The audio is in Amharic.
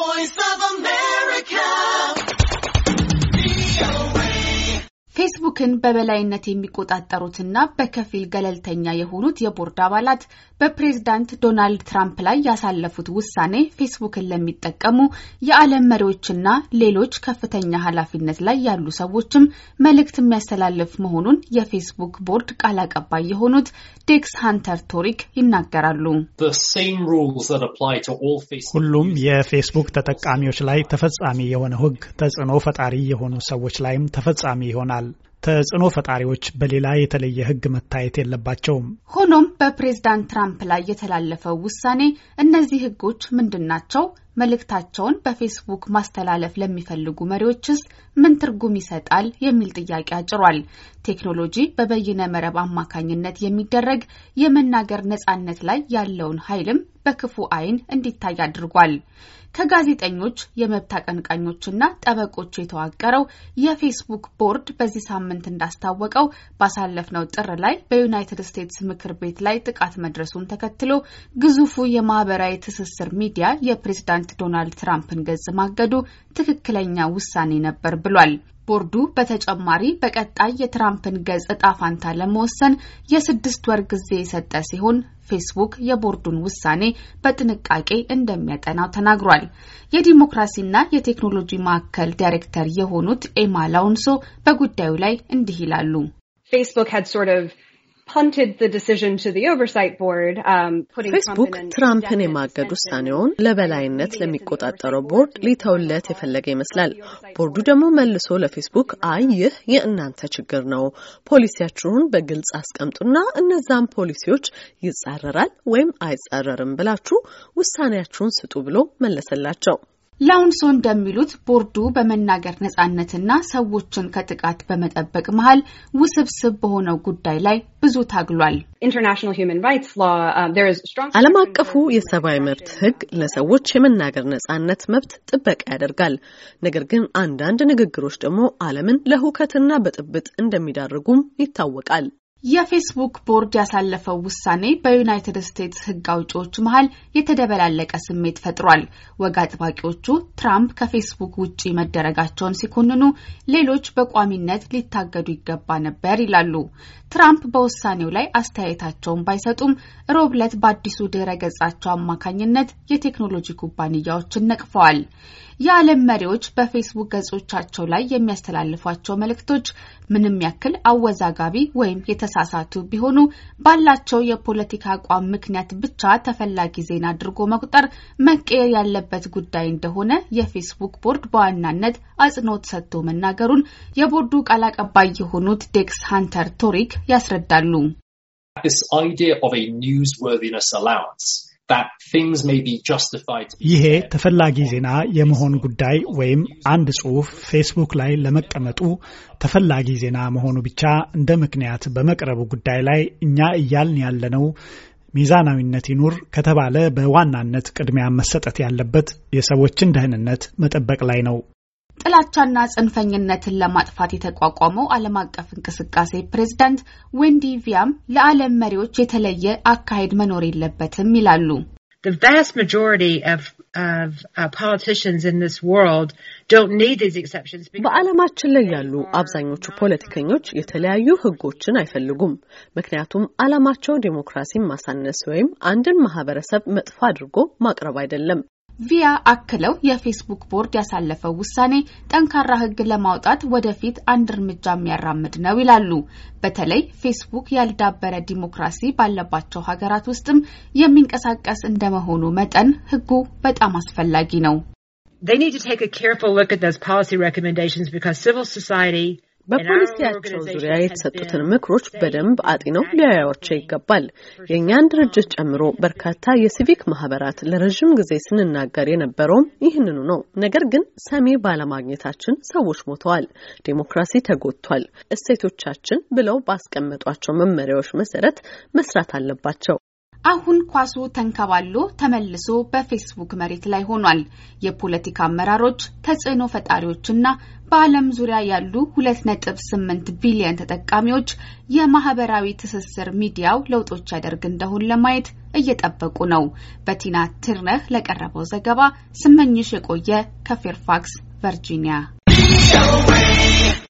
voice መድረክን በበላይነት የሚቆጣጠሩትና በከፊል ገለልተኛ የሆኑት የቦርድ አባላት በፕሬዝዳንት ዶናልድ ትራምፕ ላይ ያሳለፉት ውሳኔ ፌስቡክን ለሚጠቀሙ የዓለም መሪዎችና ሌሎች ከፍተኛ ኃላፊነት ላይ ያሉ ሰዎችም መልእክት የሚያስተላልፍ መሆኑን የፌስቡክ ቦርድ ቃል አቀባይ የሆኑት ዴክስ ሃንተር ቶሪክ ይናገራሉ። ሁሉም የፌስቡክ ተጠቃሚዎች ላይ ተፈጻሚ የሆነ ሕግ ተጽዕኖ ፈጣሪ የሆኑ ሰዎች ላይም ተፈጻሚ ይሆናል። ተጽዕኖ ፈጣሪዎች በሌላ የተለየ ሕግ መታየት የለባቸውም። ሆኖም በፕሬዝዳንት ትራምፕ ላይ የተላለፈው ውሳኔ እነዚህ ሕጎች ምንድን ናቸው? መልእክታቸውን በፌስቡክ ማስተላለፍ ለሚፈልጉ መሪዎችስ ምን ትርጉም ይሰጣል? የሚል ጥያቄ አጭሯል። ቴክኖሎጂ በበይነ መረብ አማካኝነት የሚደረግ የመናገር ነጻነት ላይ ያለውን ኃይልም በክፉ ዓይን እንዲታይ አድርጓል። ከጋዜጠኞች የመብት አቀንቃኞችና ጠበቆች የተዋቀረው የፌስቡክ ቦርድ በዚህ ሳምንት እንዳስታወቀው ባሳለፍነው ጥር ላይ በዩናይትድ ስቴትስ ምክር ቤት ላይ ጥቃት መድረሱን ተከትሎ ግዙፉ የማህበራዊ ትስስር ሚዲያ የፕሬዝዳንት ዶናልድ ትራምፕን ገጽ ማገዱ ትክክለኛ ውሳኔ ነበር ብሏል። ቦርዱ በተጨማሪ በቀጣይ የትራምፕን ገጽ እጣ ፋንታ ለመወሰን የስድስት ወር ጊዜ የሰጠ ሲሆን ፌስቡክ የቦርዱን ውሳኔ በጥንቃቄ እንደሚያጠናው ተናግሯል። የዲሞክራሲና የቴክኖሎጂ ማዕከል ዳይሬክተር የሆኑት ኤማ ላውንሶ በጉዳዩ ላይ እንዲህ ይላሉ። ፌስቡክ ትራምፕን የማገድ ውሳኔውን ለበላይነት ለሚቆጣጠረው ቦርድ ሊተውለት የፈለገ ይመስላል። ቦርዱ ደግሞ መልሶ ለፌስቡክ አይ ይህ የእናንተ ችግር ነው፣ ፖሊሲያችሁን በግልጽ አስቀምጡና እነዛም ፖሊሲዎች ይጻረራል ወይም አይጻረርም ብላችሁ ውሳኔያችሁን ስጡ ብሎ መለሰላቸው። ላውንሶ እንደሚሉት ቦርዱ በመናገር ነጻነትና ሰዎችን ከጥቃት በመጠበቅ መሀል ውስብስብ በሆነው ጉዳይ ላይ ብዙ ታግሏል። um, ዓለም አቀፉ የሰብአዊ መብት ሕግ ለሰዎች የመናገር ነጻነት መብት ጥበቃ ያደርጋል። ነገር ግን አንዳንድ ንግግሮች ደግሞ ዓለምን ለሁከትና በጥብጥ እንደሚዳርጉም ይታወቃል። የፌስቡክ ቦርድ ያሳለፈው ውሳኔ በዩናይትድ ስቴትስ ሕግ አውጪዎች መሀል የተደበላለቀ ስሜት ፈጥሯል። ወግ አጥባቂዎቹ ትራምፕ ከፌስቡክ ውጪ መደረጋቸውን ሲኮንኑ፣ ሌሎች በቋሚነት ሊታገዱ ይገባ ነበር ይላሉ። ትራምፕ በውሳኔው ላይ አስተያየታቸውን ባይሰጡም ሮብ ዕለት በአዲሱ ድረ ገጻቸው አማካኝነት የቴክኖሎጂ ኩባንያዎችን ነቅፈዋል። የዓለም መሪዎች በፌስቡክ ገጾቻቸው ላይ የሚያስተላልፏቸው መልእክቶች ምንም ያክል አወዛጋቢ ወይም የተ የተሳሳቱ ቢሆኑ ባላቸው የፖለቲካ አቋም ምክንያት ብቻ ተፈላጊ ዜና አድርጎ መቁጠር መቀየር ያለበት ጉዳይ እንደሆነ የፌስቡክ ቦርድ በዋናነት አጽንኦት ሰጥቶ መናገሩን የቦርዱ ቃል አቀባይ የሆኑት ዴክስ ሃንተር ቶሪክ ያስረዳሉ። This idea of a newsworthiness allowance ይሄ ተፈላጊ ዜና የመሆን ጉዳይ ወይም አንድ ጽሑፍ ፌስቡክ ላይ ለመቀመጡ ተፈላጊ ዜና መሆኑ ብቻ እንደ ምክንያት በመቅረቡ ጉዳይ ላይ እኛ እያልን ያለነው ሚዛናዊነት ይኑር ከተባለ በዋናነት ቅድሚያ መሰጠት ያለበት የሰዎችን ደህንነት መጠበቅ ላይ ነው። ጥላቻና ጽንፈኝነትን ለማጥፋት የተቋቋመው ዓለም አቀፍ እንቅስቃሴ ፕሬዝዳንት ዌንዲ ቪያም ለዓለም መሪዎች የተለየ አካሄድ መኖር የለበትም ይላሉ። በዓለማችን ላይ ያሉ አብዛኞቹ ፖለቲከኞች የተለያዩ ሕጎችን አይፈልጉም። ምክንያቱም ዓላማቸው ዴሞክራሲን ማሳነስ ወይም አንድን ማህበረሰብ መጥፎ አድርጎ ማቅረብ አይደለም። ቪያ አክለው የፌስቡክ ቦርድ ያሳለፈው ውሳኔ ጠንካራ ሕግ ለማውጣት ወደፊት አንድ እርምጃ የሚያራምድ ነው ይላሉ። በተለይ ፌስቡክ ያልዳበረ ዲሞክራሲ ባለባቸው ሀገራት ውስጥም የሚንቀሳቀስ እንደመሆኑ መጠን ሕጉ በጣም አስፈላጊ ነው። በፖሊሲያቸው ዙሪያ የተሰጡትን ምክሮች በደንብ አጢነው ሊያያቸው ይገባል። የእኛን ድርጅት ጨምሮ በርካታ የሲቪክ ማህበራት ለረዥም ጊዜ ስንናገር የነበረውም ይህንኑ ነው። ነገር ግን ሰሜ ባለማግኘታችን ሰዎች ሞተዋል፣ ዴሞክራሲ ተጎድቷል። እሴቶቻችን ብለው ባስቀመጧቸው መመሪያዎች መሰረት መስራት አለባቸው። አሁን ኳሱ ተንከባሎ ተመልሶ በፌስቡክ መሬት ላይ ሆኗል። የፖለቲካ አመራሮች፣ ተጽዕኖ ፈጣሪዎችና በዓለም ዙሪያ ያሉ 2.8 ቢሊዮን ተጠቃሚዎች የማህበራዊ ትስስር ሚዲያው ለውጦች ያደርግ እንደሆን ለማየት እየጠበቁ ነው። በቲና ትርነህ ለቀረበው ዘገባ ስመኝሽ የቆየ ከፌርፋክስ ቨርጂኒያ